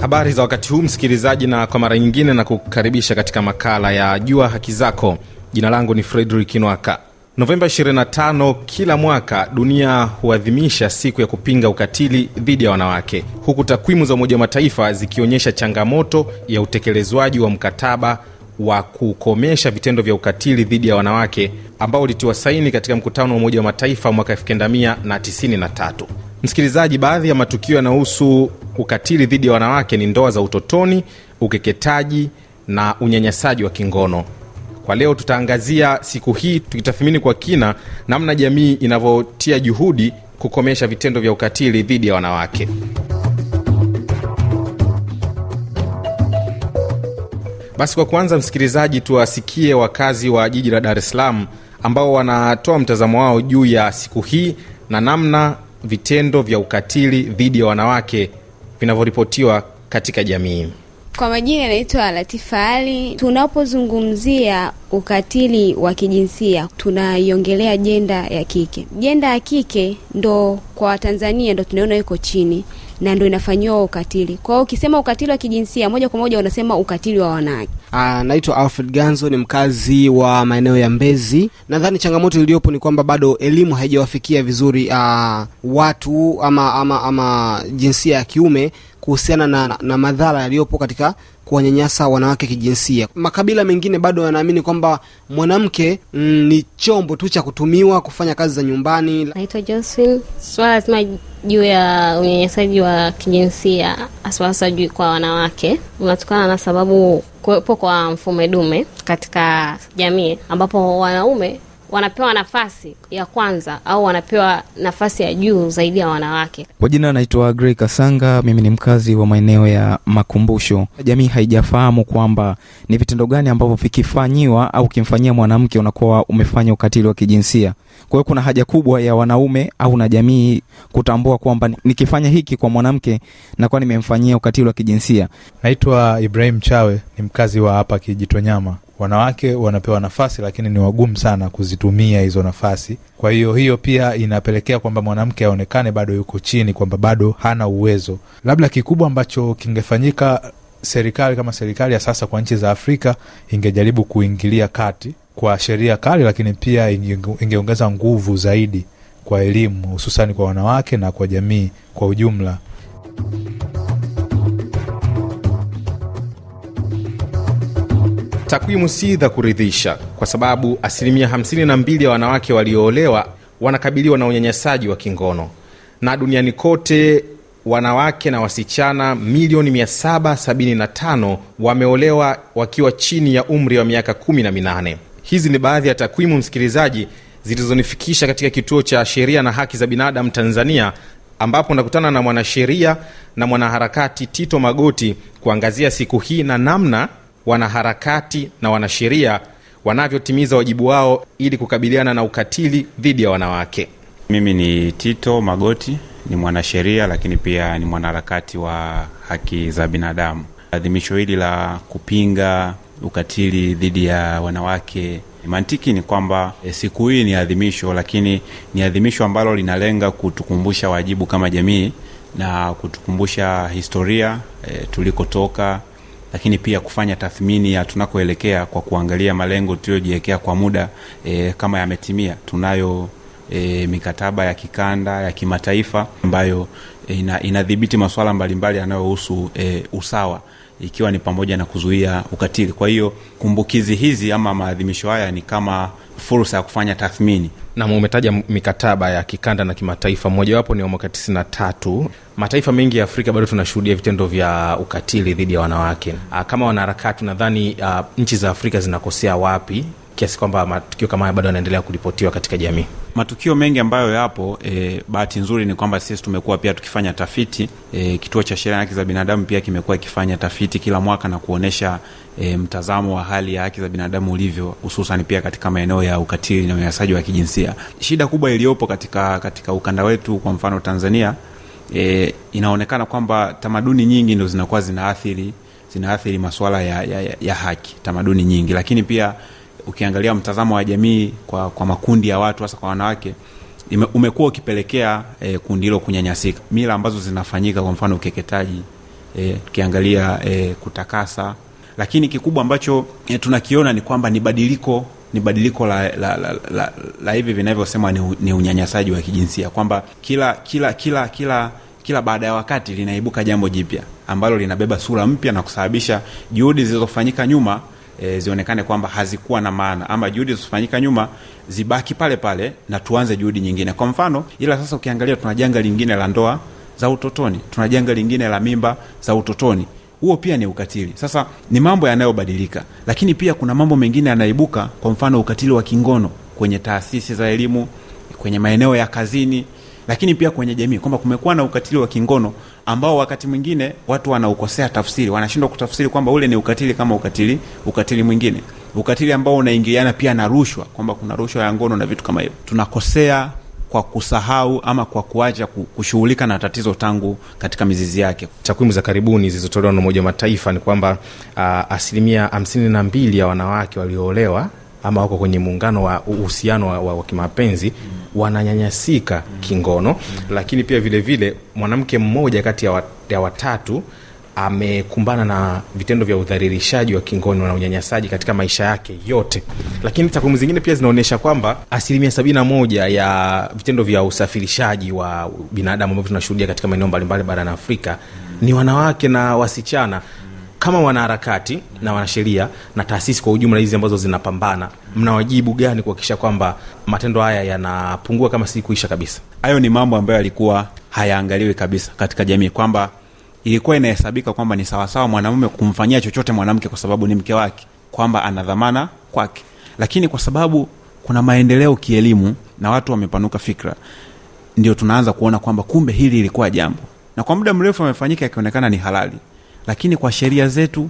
Habari za wakati huu msikilizaji, na kwa mara nyingine na kukaribisha katika makala ya Jua Haki Zako. Jina langu ni Fredrik Inwaka. Novemba 25 kila mwaka dunia huadhimisha siku ya kupinga ukatili dhidi ya wanawake, huku takwimu za Umoja wa Mataifa zikionyesha changamoto ya utekelezwaji wa mkataba wa kukomesha vitendo vya ukatili dhidi ya wanawake ambao ulitiwa saini katika mkutano wa Umoja wa Mataifa mwaka 1993. Msikilizaji, baadhi ya matukio yanayohusu ukatili dhidi ya wanawake ni ndoa za utotoni, ukeketaji na unyanyasaji wa kingono. Kwa leo tutaangazia siku hii tukitathmini kwa kina namna jamii inavyotia juhudi kukomesha vitendo vya ukatili dhidi ya wanawake. Basi kwa kwanza, msikilizaji, tuwasikie wakazi wa jiji la Dar es Salaam ambao wanatoa mtazamo wao juu ya siku hii na namna vitendo vya ukatili dhidi ya wanawake vinavyoripotiwa katika jamii. Kwa majina yanaitwa Latifa Ali. Tunapozungumzia ukatili wa kijinsia tunaiongelea jenda ya kike. Jenda ya kike ndo kwa Watanzania ndo tunaona iko chini na ndo inafanyiwa ukatili. Kwa ukisema ukatili wa kijinsia moja kwa moja unasema ukatili wa wanawake. Ah, naitwa Alfred Ganzo, ni mkazi wa maeneo ya Mbezi. Nadhani changamoto iliyopo ni kwamba bado elimu haijawafikia vizuri aa, ah, watu ama, ama, ama jinsia ya kiume kuhusiana na, na madhara yaliyopo katika kuwanyanyasa wanawake kijinsia. Makabila mengine bado yanaamini kwamba mwanamke mm, ni chombo tu cha kutumiwa kufanya kazi za nyumbani. Naitwa Josephine. Swala zima juu ya unyanyasaji wa kijinsia haswahasa juu kwa wanawake unatokana na sababu kuwepo kwa mfumo dume katika jamii ambapo wanaume wanapewa nafasi ya kwanza au wanapewa nafasi ya juu zaidi ya wanawake. Kwa jina naitwa gre Kasanga, mimi ni mkazi wa maeneo ya Makumbusho. Jamii haijafahamu kwamba ni vitendo gani ambavyo vikifanyiwa au ukimfanyia mwanamke unakuwa umefanya ukatili wa kijinsia. Kwa hiyo kuna haja kubwa ya wanaume au na jamii kutambua kwamba nikifanya hiki kwa mwanamke nakuwa nimemfanyia ukatili wa kijinsia. Naitwa Ibrahim Chawe, ni mkazi wa hapa Kijitonyama wanawake wanapewa nafasi, lakini ni wagumu sana kuzitumia hizo nafasi. Kwa hiyo hiyo pia inapelekea kwamba mwanamke aonekane bado yuko chini, kwamba bado hana uwezo. Labda kikubwa ambacho kingefanyika, serikali kama serikali ya sasa kwa nchi za Afrika ingejaribu kuingilia kati kwa sheria kali, lakini pia ingeongeza nguvu zaidi kwa elimu, hususani kwa wanawake na kwa jamii kwa ujumla. Takwimu si za kuridhisha, kwa sababu asilimia 52 ya wanawake walioolewa wanakabiliwa na unyanyasaji wa kingono, na duniani kote wanawake na wasichana milioni 775 wameolewa wakiwa chini ya umri wa miaka 18. Hizi ni baadhi ya takwimu, msikilizaji, zilizonifikisha katika kituo cha sheria na haki za binadamu Tanzania, ambapo nakutana na mwanasheria na mwanaharakati Tito Magoti kuangazia siku hii na namna wanaharakati na wanasheria wanavyotimiza wajibu wao ili kukabiliana na ukatili dhidi ya wanawake. Mimi ni Tito Magoti, ni mwanasheria lakini pia ni mwanaharakati wa haki za binadamu. Adhimisho hili la kupinga ukatili dhidi ya wanawake, mantiki ni kwamba e, siku hii ni adhimisho, lakini ni adhimisho ambalo linalenga kutukumbusha wajibu kama jamii na kutukumbusha historia e, tulikotoka lakini pia kufanya tathmini ya tunakoelekea kwa kuangalia malengo tuliyojiwekea kwa muda e, kama yametimia. Tunayo e, mikataba ya kikanda ya kimataifa ambayo e, ina, inadhibiti masuala mbalimbali yanayohusu e, usawa ikiwa ni pamoja na kuzuia ukatili. Kwa hiyo kumbukizi hizi ama maadhimisho haya ni kama fursa ya kufanya tathmini nam umetaja mikataba ya kikanda na kimataifa mojawapo ni wa mwaka 93 tatu mataifa mengi ya afrika bado tunashuhudia vitendo vya ukatili dhidi ya wanawake ah, kama wanaharakati nadhani ah, nchi za afrika zinakosea wapi kiasi kwamba matukio kama haya bado yanaendelea kuripotiwa katika jamii. Matukio mengi ambayo yapo e, bahati nzuri ni kwamba sisi tumekuwa pia tukifanya tafiti e, Kituo cha Sheria na Haki za Binadamu pia kimekuwa ikifanya tafiti kila mwaka na kuonyesha e, mtazamo wa hali ya haki za binadamu ulivyo, hususan pia katika maeneo ya ukatili na unyanyasaji wa kijinsia. Shida kubwa iliyopo katika, katika ukanda wetu kwa mfano Tanzania e, inaonekana kwamba tamaduni nyingi ndo zinakuwa zinaathiri zinaathiri masuala ya, ya, ya, ya haki, tamaduni nyingi, lakini pia ukiangalia mtazamo wa jamii kwa, kwa makundi ya watu hasa kwa wanawake umekuwa ukipelekea e, kundi hilo kunyanyasika. Mila ambazo zinafanyika kwa mfano ukeketaji, e, tukiangalia e, kutakasa, lakini kikubwa ambacho e, tunakiona ni kwamba ni badiliko ni badiliko la, la, la, la, la hivi vinavyosema ni, ni unyanyasaji wa kijinsia kwamba kila kila kila kila kila baada ya wakati linaibuka jambo jipya ambalo linabeba sura mpya na kusababisha juhudi zilizofanyika nyuma e, zionekane kwamba hazikuwa na maana ama juhudi zizofanyika nyuma zibaki pale pale na tuanze juhudi nyingine kwa mfano ila sasa ukiangalia tuna janga lingine la ndoa za utotoni tuna janga lingine la mimba za utotoni huo pia ni ukatili sasa ni mambo yanayobadilika lakini pia kuna mambo mengine yanaibuka kwa mfano ukatili wa kingono kwenye taasisi za elimu kwenye maeneo ya kazini lakini pia kwenye jamii kwamba kumekuwa na ukatili wa kingono ambao wakati mwingine watu wanaukosea tafsiri wanashindwa kutafsiri kwamba ule ni ukatili kama ukatili ukatili mwingine ukatili ambao unaingiliana pia na rushwa kwamba kuna rushwa ya ngono na vitu kama hivyo tunakosea kwa kusahau ama kwa kuacha kushughulika na tatizo tangu katika mizizi yake. Takwimu za karibuni zilizotolewa na Umoja wa Mataifa ni kwamba uh, asilimia hamsini na mbili ya wanawake walioolewa ama wako kwenye muungano wa uhusiano wa, wa, wa kimapenzi wananyanyasika kingono, lakini pia vilevile vile, mwanamke mmoja kati ya, wa, ya watatu amekumbana na vitendo vya udhalilishaji wa kingono na unyanyasaji katika maisha yake yote. Lakini takwimu zingine pia zinaonyesha kwamba asilimia sabini na moja ya vitendo vya usafirishaji wa binadamu ambavyo tunashuhudia katika maeneo mbalimbali barani Afrika ni wanawake na wasichana kama wanaharakati na wanasheria na taasisi kwa ujumla hizi ambazo zinapambana, mna wajibu gani kuhakikisha kwamba matendo haya yanapungua kama si kuisha kabisa? Hayo ni mambo ambayo yalikuwa hayaangaliwi kabisa katika jamii, kwamba ilikuwa inahesabika kwamba ni sawasawa mwanamume kumfanyia chochote mwanamke kwa sababu ni mke wake, kwamba ana dhamana kwake. Lakini kwa sababu kuna maendeleo kielimu na watu wamepanuka fikra, ndio tunaanza kuona kwamba kumbe hili ilikuwa jambo, na kwa muda mrefu amefanyika yakionekana ni halali lakini kwa sheria zetu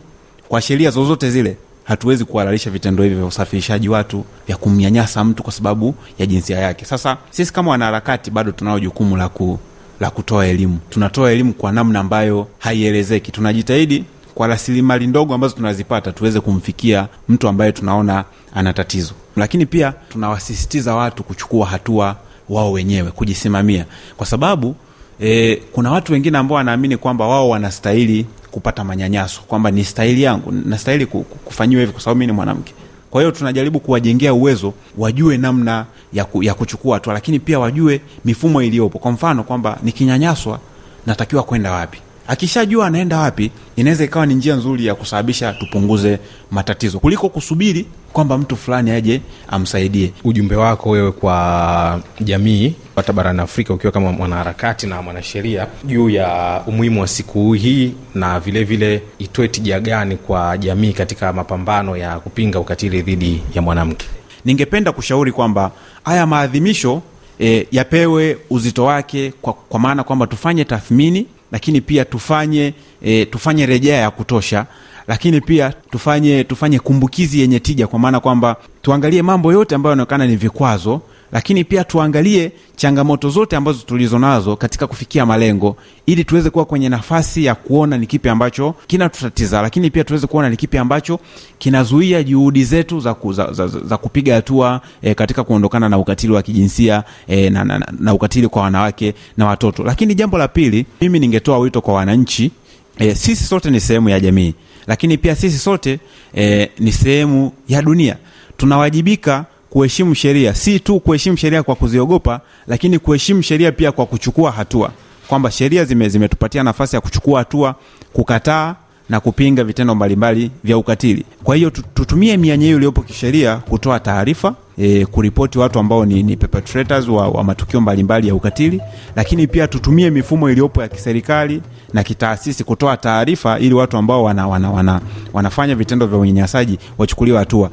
kwa sheria zozote zile hatuwezi kuhalalisha vitendo hivi vya usafirishaji watu vya kumnyanyasa mtu kwa sababu ya jinsia yake sasa sisi kama wanaharakati bado tunao jukumu la ku la kutoa elimu tunatoa elimu kwa namna ambayo haielezeki tunajitahidi kwa rasilimali ndogo ambazo tunazipata tuweze kumfikia mtu ambaye tunaona ana tatizo lakini pia tunawasisitiza watu kuchukua hatua wao wenyewe kujisimamia kwa sababu e, kuna watu wengine ambao wanaamini kwamba wao wanastahili kupata manyanyaso kwamba ni stahili yangu nastahili kufanyiwa hivi kwa sababu mi ni mwanamke kwa hiyo tunajaribu kuwajengea uwezo wajue namna ya, ku, ya kuchukua hatua lakini pia wajue mifumo iliyopo kwa mfano kwamba nikinyanyaswa natakiwa kwenda wapi akishajua anaenda wapi inaweza ikawa ni njia nzuri ya kusababisha tupunguze matatizo kuliko kusubiri kwamba mtu fulani aje amsaidie ujumbe wako wewe kwa jamii hata barani Afrika ukiwa kama mwanaharakati na mwanasheria juu ya umuhimu wa siku hii na vilevile itoe tija gani kwa jamii katika mapambano ya kupinga ukatili dhidi ya mwanamke? Ningependa kushauri kwamba haya maadhimisho e, yapewe uzito wake kwa, kwa maana kwamba tufanye tathmini, lakini pia tufanye e, tufanye rejea ya kutosha lakini pia tufanye tufanye kumbukizi yenye tija, kwa maana kwamba tuangalie mambo yote ambayo yanaonekana ni vikwazo lakini pia tuangalie changamoto zote ambazo tulizo nazo katika kufikia malengo ili tuweze kuwa kwenye nafasi ya kuona ni kipi ambacho kinatutatiza lakini pia tuweze kuona ni kipi ambacho kinazuia juhudi zetu za, ku, za, za, za, za kupiga hatua e, katika kuondokana na ukatili wa kijinsia e, na, na, na, na ukatili kwa wanawake na watoto lakini jambo la pili mimi ningetoa wito kwa wananchi e, sisi sote ni sehemu ya jamii lakini pia sisi sote e, ni sehemu ya dunia tunawajibika kuheshimu sheria, si tu kuheshimu sheria kwa kuziogopa, lakini kuheshimu sheria pia kwa kuchukua hatua, kwamba sheria zime zimetupatia nafasi ya kuchukua hatua, kukataa na kupinga vitendo mbalimbali vya ukatili. Kwa hiyo tutumie mianya hiyo iliyopo kisheria kutoa taarifa e, kuripoti watu ambao ni, ni perpetrators wa, wa matukio mbalimbali ya ukatili, lakini pia tutumie mifumo iliyopo ya kiserikali na kitaasisi kutoa taarifa ili watu ambao wana, wana, wana, wanafanya vitendo vya unyanyasaji wachukuliwe hatua.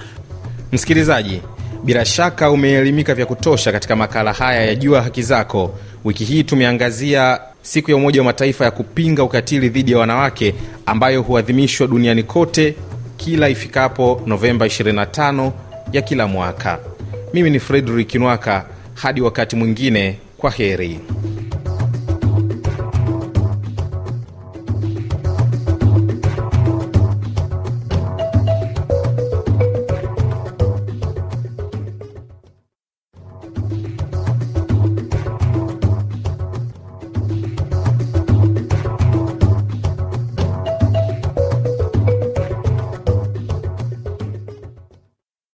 Msikilizaji, bila shaka umeelimika vya kutosha katika makala haya ya Jua Haki Zako. Wiki hii tumeangazia siku ya Umoja wa Mataifa ya kupinga ukatili dhidi ya wanawake ambayo huadhimishwa duniani kote kila ifikapo Novemba 25 ya kila mwaka. Mimi ni Fredrik Nwaka, hadi wakati mwingine, kwa heri.